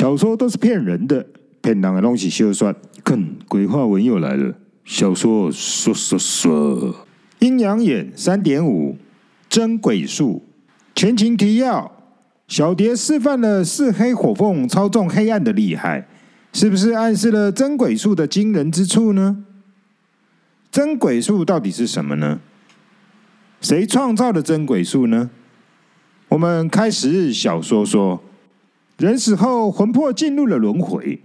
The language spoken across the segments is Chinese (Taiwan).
小說都是騙人的，騙人的東西就算，看鬼話文又來了，小說說說說，陰陽眼三點五，真鬼術。前情提要：小蝶示範了四黑火鳳操縱黑暗的厲害，是不是暗示了真鬼術的驚人之處呢？真鬼術到底是什麼呢？誰創造的真鬼術呢？我們開始小說說。人死後，魂魄進入了輪迴，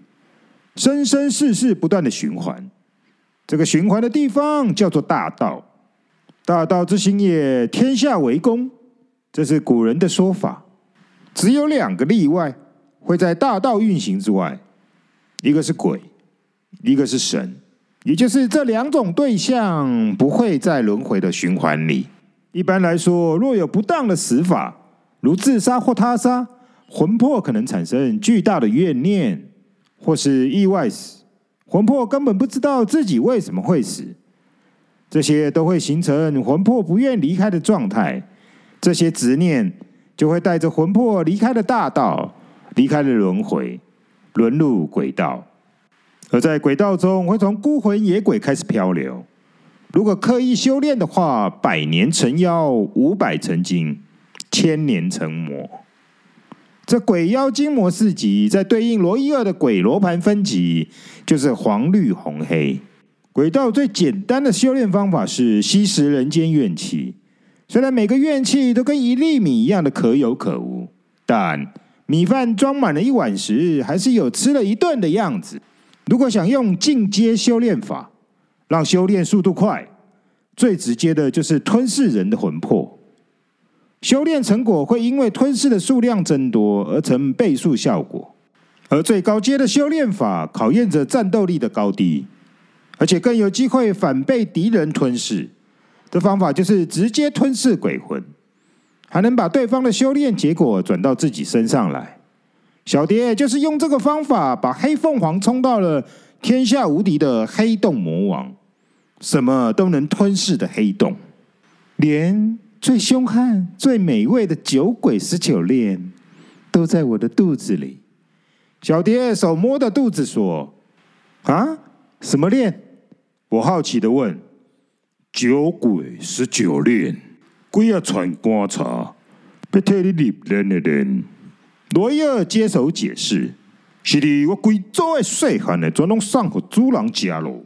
生生世世不斷的循環。這個循環的地方叫做大道，大道之行也，天下為公。這是古人的說法。只有兩個例外，會在大道運行之外，一個是鬼，一個是神，也就是這兩種對象不會在輪迴的循環裡。一般來說，若有不當的死法，如自殺或他殺。魂魄可能產生巨大的怨念，或是意外死，魂魄根本不知道自己為什麼會死，這些都會形成魂魄不願離開的狀態，這些執念就會帶着魂魄離開了大道，離開了輪迴，淪入軌道，而在軌道中會從孤魂野鬼開始漂流。如果刻意修煉的話，百年成妖，五百成精，千年成魔。這鬼妖精魔四級，在對應羅伊爾的鬼羅盤分級，就是黃、綠、紅、黑。鬼道最簡單的修煉方法是吸食人間怨氣，雖然每個怨氣都跟一粒米一樣的可有可無，但米飯裝滿了一碗時，還是有吃了一頓的樣子。如果想用進階修煉法，讓修煉速度快，最直接的就是吞噬人的魂魄。修煉成果會因為吞噬的數量增多而成倍數效果，而最高階的修煉法考驗着戰鬥力的高低，而且更有機會反被敵人吞噬。這方法就是直接吞噬鬼魂，還能把對方的修煉結果轉到自己身上來。小蝶就是用這個方法把黑鳳凰衝到了天下無敵的黑洞魔王，什麼都能吞噬的黑洞，連，最凶悍、最美味的酒鬼十九戀，都在我的肚子裡。小蝶手摸的肚子說：“啊，什麼戀？”我好奇地問：“酒鬼十九戀。”鬼兒傳瓜喘，別替你立人的人。羅伊爾接手解釋：“是我的，我鬼族的細漢的，全攏送予主人食咯。”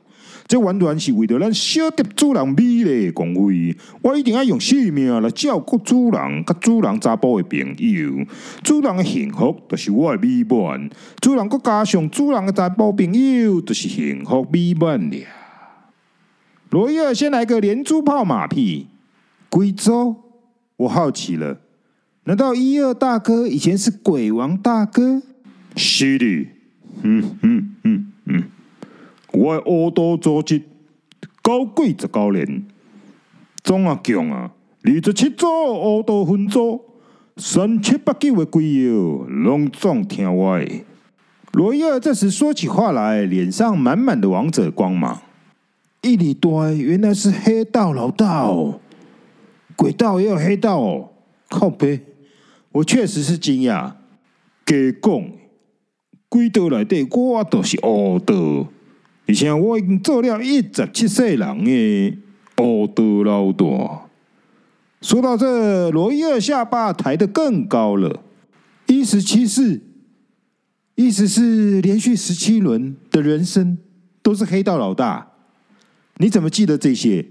這完全是為着咱小蝶主人美嘞光輝，我一定要用性命來照顧主人，佮主人查甫的朋友，主人的幸福就是我的美滿，主人佮加上主人的查甫朋友，就是幸福美滿了。羅伊爾，先來個連珠炮馬屁，貴州，我好奇了，難道伊爾大哥以前是鬼王大哥？是的，嗯嗯嗯嗯。嗯嗯我黑道組織高貴十九年，總啊強啊！二十七組黑道分組，三七八九的鬼友隆重聽我的。羅伊爾這時說起話來，臉上滿滿的王者光芒。一里多，原來是黑道老大哦，鬼道也有黑道哦，靠北，我確實是驚訝。給講，鬼道內底我都是黑道。你想，我已經做了一十七歲了的哦，多老多。說到這，羅伊爾下巴抬得更高了。一十七世，意思是連續十七輪的人生都是黑道老大。你怎麼記得這些？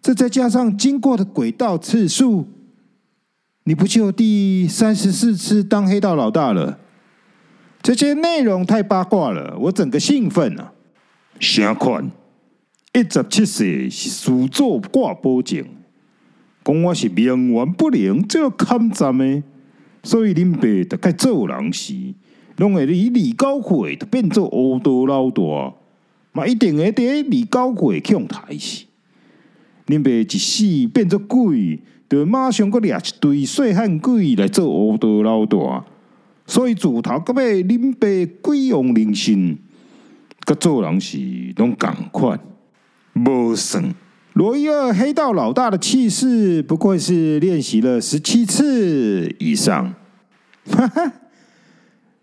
這再加上經過的軌道次數，你不就第三十四次當黑道老大了？這些內容太八卦了，我整個興奮啊！啥款一十七歲是事做掛保證，講我是冥頑不靈，就要看站的。所以恁爸大概做人時，攏會離李，李高鬼，就變做烏道老大，嘛一定會第一李高鬼強大起。恁爸一死變做鬼，著馬上個掠一堆細漢鬼來做烏道老大。所以自頭到尾，恁爸鬼王靈性。個做人西攏趕快，無神。羅伊爾黑道老大的氣勢，不愧是練習了十七次以上。哈哈，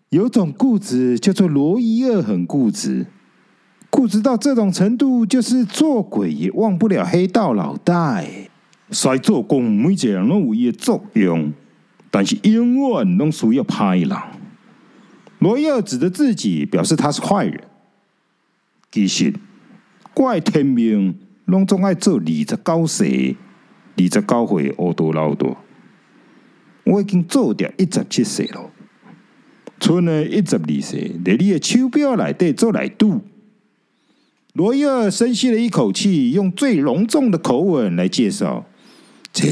有種固執叫做羅伊爾很固執，固執到這種程度，就是做鬼也忘不了黑道老大。摔做工每只人攏有伊個作用，但是永遠攏需要歹人。羅伊爾指着自己，表示他是壞人。其實，怪天明攏總愛做二十九歲、二十九歲烏多老多。我已經做掉一十七歲了，剩了一十二歲，在你的手表內底做來賭。羅伊爾深吸了一口氣，用最隆重的口吻來介紹：這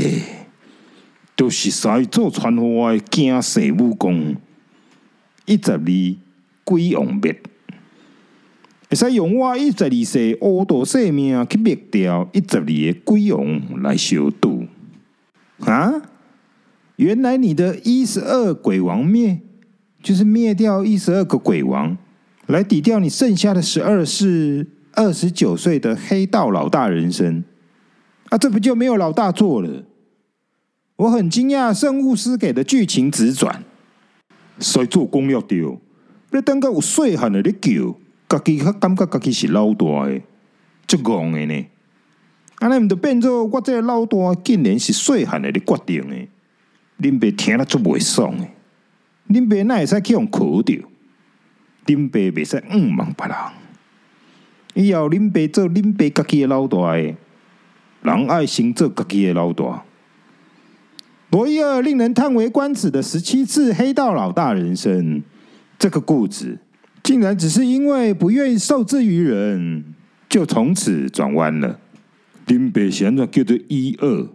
就是賽做傳話驚世武功，一十二鬼王滅。會使用我一十二世惡道性命去滅掉一十二個鬼王來消度？啊！原來你的一十二鬼王滅，就是滅掉一十二個鬼王來抵掉你剩下的十二世二十九歲的黑道老大人生。啊，這不就沒有老大做了？我很驚訝，聖師給的劇情直轉，誰做攻略的？的家己較感覺家己是老大誒，足戇誒呢！安尼毋就變做我這個老大，竟然是細漢誒咧決定誒，恁爸聽了足袂爽誒，恁爸那會使去用苦着？恁爸袂使嗯望別人。以後恁爸做恁爸家己誒老大誒，人愛先做家己誒老大。羅伊爾令人嘆為觀止的十七次黑道老大人生，這個故事。竟然只是因為不願意受制於人，就從此轉彎了。林北是按怎叫做一二，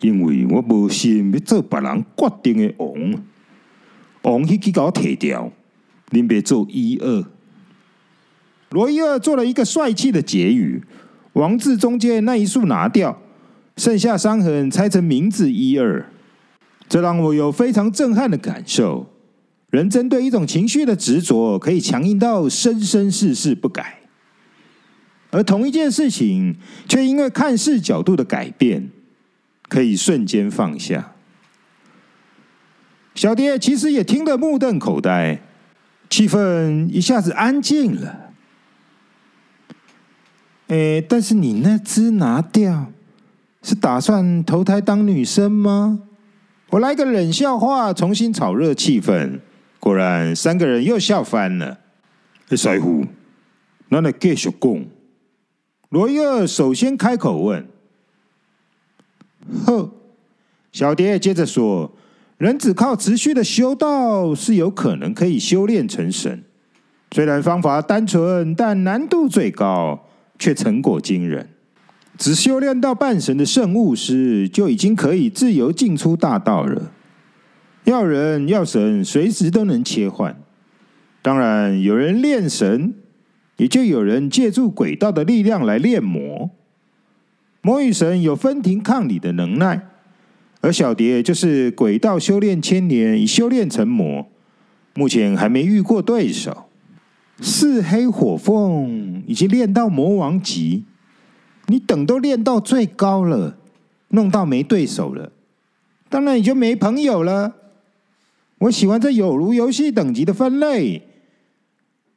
因為我無心要做別人決定的王，王去給我提掉，林北做一二。羅一二做了一個帥氣的結語，王字中間那一豎拿掉，剩下傷痕拆成名字一二，這讓我有非常震撼的感受。人針對一種情緒的執着，可以強硬到生生世世不改；而同一件事情，卻因為看似角度的改變，可以瞬間放下。小蝶其實也聽得目瞪口呆，氣氛一下子安靜了。哎、欸，但是你那只拿掉，是打算投胎當女生嗎？我來個冷笑話，重新炒熱氣氛。果然，三個人又笑翻了。師傅、欸，那你繼續講。羅越首先開口問：“呵。”小蝶接着說：“人只靠持續的修道，是有可能可以修煉成神。雖然方法單純，但難度最高，卻成果驚人。只修煉到半神的聖物師，就已經可以自由進出大道了。”要人要神，隨時都能切換。當然，有人練神，也就有人借助鬼道的力量來練魔。魔與神有分庭抗禮的能耐，而小蝶就是鬼道修煉千年，已修煉成魔，目前還沒遇過對手。四黑火鳳已經練到魔王級，你等都練到最高了，弄到沒對手了，當然也就沒朋友了。我喜歡這有如遊戲等級的分類，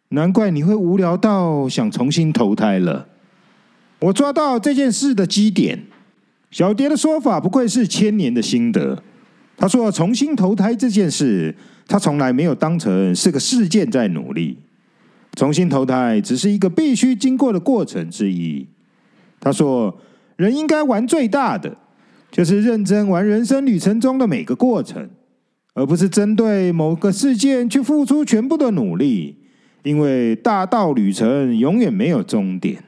難怪你會無聊到想重新投胎了。我抓到這件事的基點。小蝶的說法不愧是千年的心得。他說：“重新投胎這件事，他從來沒有當成是個事件在努力。重新投胎只是一個必須經過的過程之一。”他說：“人應該玩最大的，就是認真玩人生旅程中的每個過程。”而不是針對某個事件去付出全部的努力，因為大道旅程永遠沒有終點。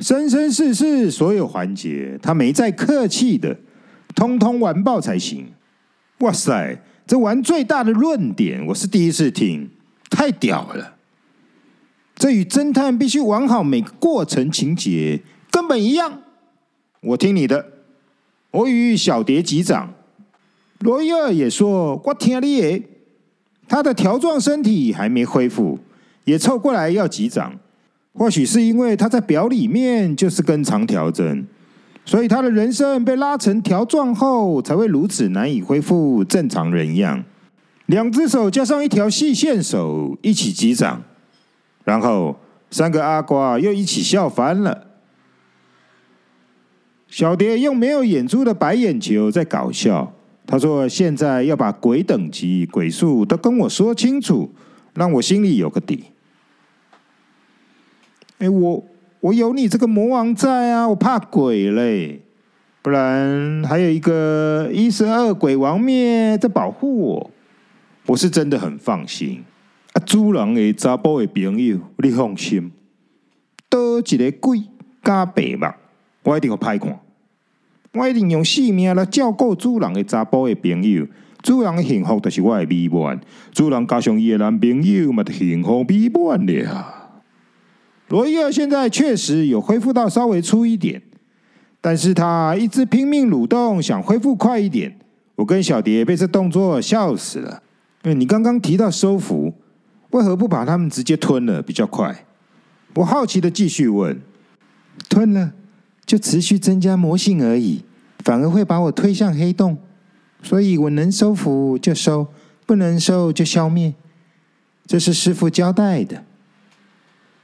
生生世世所有環節，他沒再客氣的，通通完爆才行。哇塞，這玩最大的論點，我是第一次聽，太屌了！這與偵探必須玩好每個過程情節，根本一樣。我聽你的，我與小蝶擊掌。羅伊爾也說：“我聽你的。”他的條狀身體還沒恢復，也湊過來要擊掌。或許是因為他在表裡面就是根長條針，所以他的人生被拉成條狀後，才會如此難以恢復正常人樣。兩隻手加上一條細線手一起擊掌，然後三個阿瓜又一起笑翻了。小蝶用沒有眼珠的白眼球在搞笑。他說：“現在要把鬼等級、鬼數都跟我說清楚，讓我心裡有個底。欸”哎，我我有你這個魔王在啊，我怕鬼嘞。不然還有一個一十二鬼王滅在保護我，我是真的很放心啊。主人的查埔的朋友，你放心。多幾個鬼加白目，我一定會歹看。我一定用性命來照顧主人的查甫的朋友，主人的幸福就是我的美滿。主人加上伊的男朋友，嘛的幸福美滿了。羅伊爾現在確實有恢復到稍微粗一點，但是他一直拼命蠕動，想恢復快一點。我跟小蝶被這動作笑死了。嗯，你剛剛提到收服，為何不把他們直接吞了，比較快？我好奇的繼續問，吞了？就持續增加魔性而已，反而會把我推向黑洞。所以我能收服就收，不能收就消滅。這是師父交代的。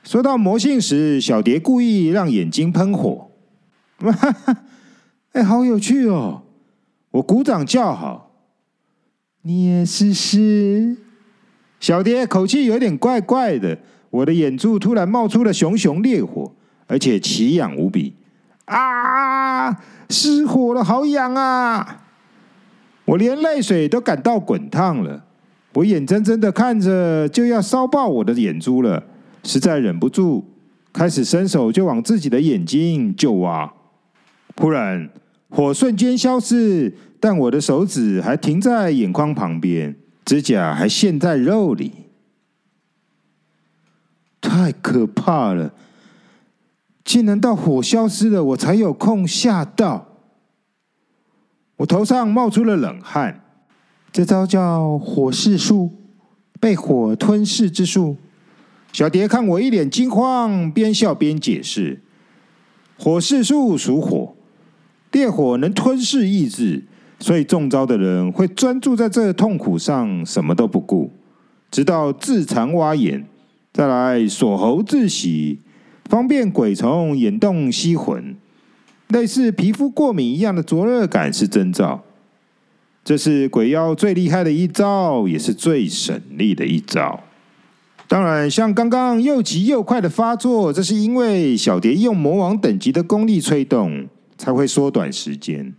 說到魔性時，小蝶故意讓眼睛噴火，哇哈哈！哎，好有趣哦！我鼓掌叫好。你也試試。小蝶口氣有點怪怪的。我的眼珠突然冒出了熊熊烈火，而且奇癢無比。啊！失火了，好癢啊！我連淚水都感到滾燙了。我眼睜睜的看着就要燒爆我的眼珠了，實在忍不住，開始伸手就往自己的眼睛就挖。忽然，火瞬間消失，但我的手指還停在眼眶旁邊，指甲還陷在肉裡。太可怕了！竟能到火消失了，我才有空嚇到，我頭上冒出了冷汗。這招叫火噬術，被火吞噬之術。小蝶看我一臉驚慌，邊笑邊解釋：火噬術屬火，烈火能吞噬意志，所以中招的人會專注在這個痛苦上，什麼都不顧，直到自殘挖眼，再來鎖喉自喜。方便鬼蟲眼動吸魂，類似皮膚過敏一樣的灼熱感是徵兆。這是鬼妖最厲害的一招，也是最省力的一招。當然，像剛剛又急又快的發作，這是因為小蝶用魔王等級的功力催動，才會縮短時間。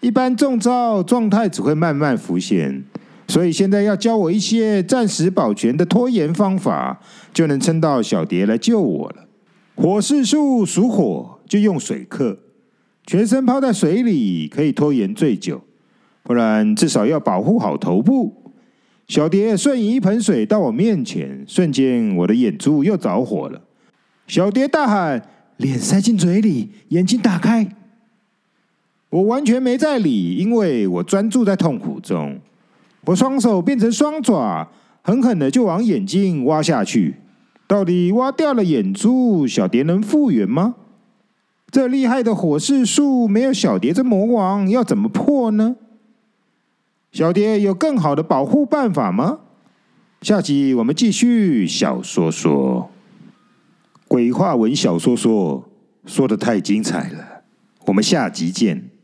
一般中招狀態只會慢慢浮現。所以現在要教我一些暫時保全的拖延方法，就能撐到小蝶來救我了。火噬術屬火，就用水克。全身泡在水裡可以拖延最久，不然至少要保護好頭部。小蝶瞬移一盆水到我面前，瞬間我的眼珠又着火了。小蝶大喊：“臉塞進嘴裡，眼睛打開。”我完全沒在理，因為我專注在痛苦中。我雙手變成雙爪，狠狠的就往眼睛挖下去。到底挖掉了眼珠，小蝶能復原嗎？這厲害的火噬術，沒有小蝶這魔王，要怎麼破呢？小蝶有更好的保護辦法嗎？下集我們繼續小說說鬼話文小說說，說得太精彩了，我們下集見。